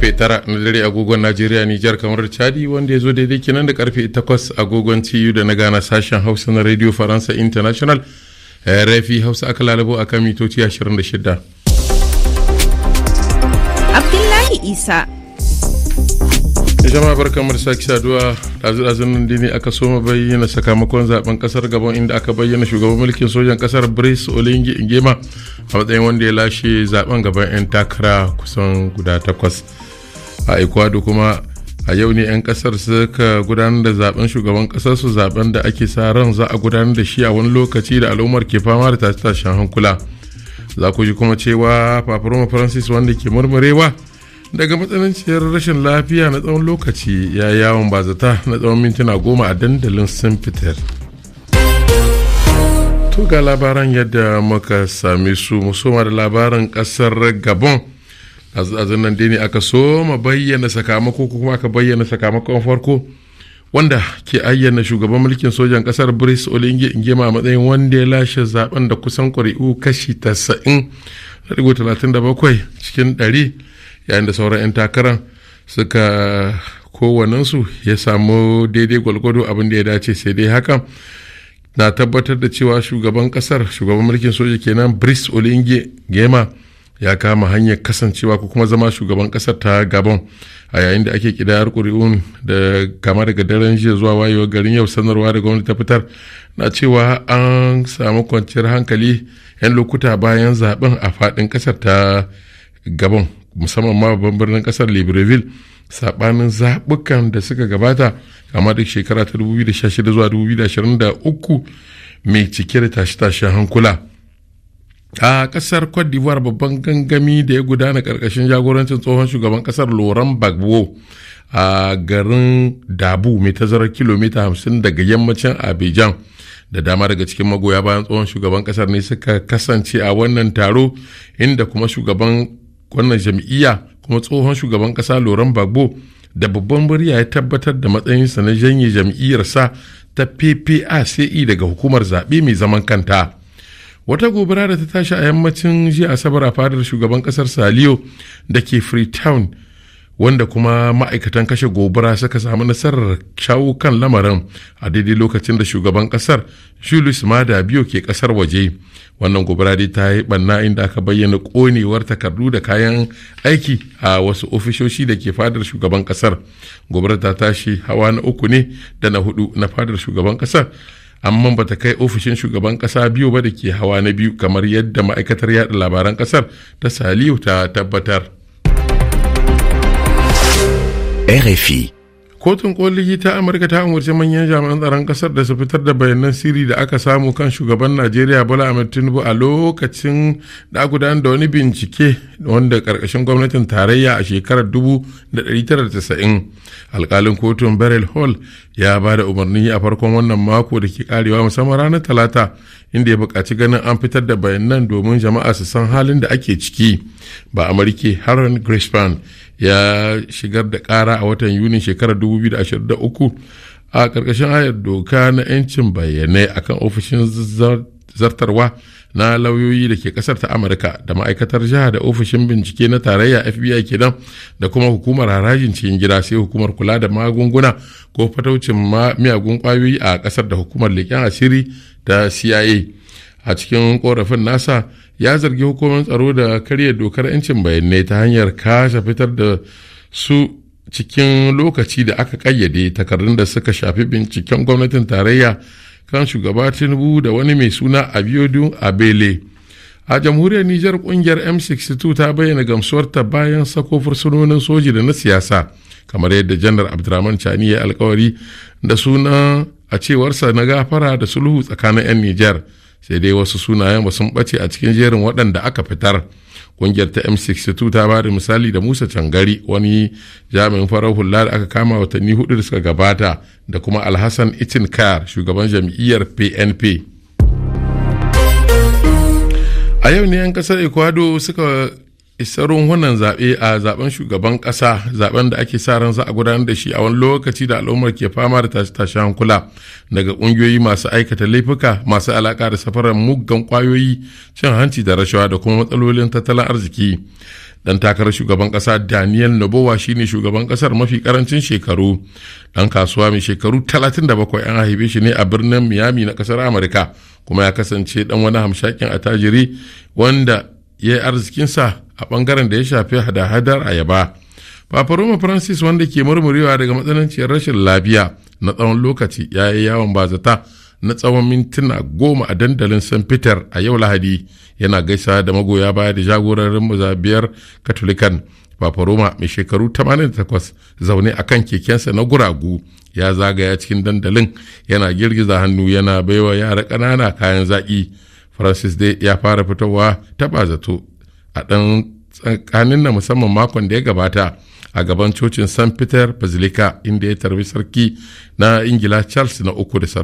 karfe 9 na dare agogon Najeriya Nijar kamar Chadi wanda ya zo daidai kenan da karfe 8 agogon TU da na gana sashen Hausa na Radio Faransa International eh, RFI Hausa aka lalabo a kan mitoci 26. Abdullahi Isa jama'a barkan mu sake saduwa dazu dazu nan dini aka soma bayyana sakamakon zaben kasar gabon inda aka bayyana shugaban mulkin sojan kasar brice olingi Ngema a matsayin wanda ya lashe zaben gaban 'yan takara kusan guda takwas a ecuador kuma a yau ne 'yan kasar suka gudanar da zaben shugaban kasar su zaben da ake sa ran za a gudanar da shi a wani lokaci da al'ummar ke fama da tashe-tashen hankula za ku ji kuma cewa paparoma francis wanda ke murmurewa daga matsananciyar rashin lafiya na tsawon lokaci ya yawon bazata na tsawon mintuna goma a dandalin st peter to ga labaran yadda muka same su musoma da labaran kasar gabon a nan dai ne aka soma bayyana sakamako ko kuma aka bayyana sakamakon farko wanda ke ayyana shugaban mulkin sojan kasar brice olinge ingema a matsayin wanda ya lashe zaben da kusan kuri'u kashi 90.37 cikin 100 yayin da sauran 'yan takarar suka kowanensu ya samu daidai gwalgwado abin da ya dace sai dai haka na tabbatar da cewa shugaban kasar shugaban mulkin soja kenan brice olinge gema ya kama hanyar kasancewa ko kuma zama shugaban kasar ta gabon a yayin da ake kidayar ƙuri'un da kama daga daren jiya zuwa wayewar garin yau sanarwa da gwamnati ta fitar na cewa an samu kwanciyar hankali 'yan lokuta bayan zaben a fadin kasar ta gabon musamman ma babban birnin kasar libreville sabanin zaɓukan da suka gabata kama da shekara ta 2016 zuwa 2023 mai cike da tashe-tashen hankula. a kasar cote d'ivoire babban gangami da ya gudana karkashin jagorancin tsohon shugaban kasar laurent gbagbo a garin dabu mai tazarar kilomita 50 daga yammacin abidjan da dama daga cikin magoya bayan tsohon shugaban kasar ne suka kasance a wannan taro inda kuma shugaban wannan jam'iyya kuma tsohon shugaban kasa loran bagbo da babban murya ya tabbatar da matsayinsa na janye jam'iyyarsa ta ppa e daga hukumar zaɓe mai zaman kanta wata gobara da ta tashi a yammacin jiya asabar a fadar shugaban kasar saliyo da ke freetown wanda kuma ma'aikatan kashe gobara suka samu nasarar shawo kan lamarin a daidai lokacin da shugaban kasar julius mada biyo ke kasar waje wannan gobara dai ta yi banna inda aka bayyana konewar takardu da kayan aiki a wasu ofishoshi da ke fadar shugaban kasar gobara ta tashi hawa na uku ne da na hudu na fadar shugaban kasar amma bata kai ofishin shugaban kasa biyu ba da ke hawa na biyu kamar yadda ma'aikatar yada labaran kasar ta saliu ta tabbatar RFI kotun koli ta amurka ta umarci manyan jami'an tsaron kasar da su fitar da bayanan sirri da aka samu kan shugaban najeriya bola ahmed tinubu a lokacin da gudanar da wani bincike wanda karkashin gwamnatin tarayya a shekarar 1990 alkalin kotun beryl hall ya ba da umarni a farkon wannan mako da ke karewa musamman ranar talata inda ya buƙaci ganin an fitar da bayanan domin jama'a su san halin da ake ciki ba a amurke haron grispan ya shigar da ƙara a watan yuni shekarar 2023 a ƙarƙashin ayar doka na 'yancin bayanai akan ofishin zartarwa na lauyoyi da ke kasar ta amurka da ma'aikatar jiha da ofishin bincike na tarayya fbi kenan da kuma hukumar harajin cikin gida sai hukumar kula da magunguna ko fataucin miyagun kwayoyi a kasar da hukumar leƙen asiri ta cia a cikin korafin nasa ya zargi hukumar tsaro da karya dokar 'yancin bayanai ta hanyar kashe fitar da su cikin lokaci da aka kayyade takardun da suka shafi binciken gwamnatin tarayya kan shugaba tinubu da wani mai suna abiodun abele a jamhuriyar nijar kungiyar m62 ta bayyana gamsuwarta bayan sako fursunonin soji da na siyasa kamar yadda janar abdurrahman chani ya alkawari da suna a cewarsa na gafara da sulhu tsakanin 'yan nijar sai dai wasu sunayen ba sun bace a cikin jerin waɗanda aka fitar kungiyar ta m62 ta ba da misali da musa cangari wani jami'in farar hula da aka kama watanni hudu da suka gabata da kuma alhassan itin kayar shugaban jam'iyyar pnp a yau ne 'yan kasar ecuador suka isarun wannan zaɓe a zaben shugaban ƙasa zaben da ake sa ran za a gudanar da shi a wani lokaci da al'ummar ke fama da tashe hankula daga ƙungiyoyi masu aikata laifuka masu alaƙa da safarar muggan ƙwayoyi cin hanci da rashawa da kuma matsalolin tattalin arziki dan takarar shugaban ƙasa daniel nobowa shine shugaban ƙasar mafi ƙarancin shekaru dan kasuwa mai shekaru 37 an haife shi ne a birnin miami na ƙasar amurka kuma ya kasance dan wani hamshakin attajiri wanda ya yi arzikinsa a ɓangaren da ya shafi hada-hadar ayaba. Papa Roma Francis wanda ke murmurewa daga matsananciyar rashin lafiya na tsawon lokaci ya yi yawon bazata na tsawon mintuna goma a dandalin St. Peter a yau Lahadi yana gaisa da magoya baya da jagororin mazabiyar Katolikan. Papa Roma mai shekaru 88 zaune a kan kekensa na guragu ya zagaya cikin dandalin yana girgiza hannu yana baiwa yara ƙanana kayan zaƙi. francis dai ya fara fitowa taɓa zato a ɗan tsakanin na musamman makon da ya gabata a gaban cocin st peter basilica inda ya tarbi sarki na ingila charles na uku da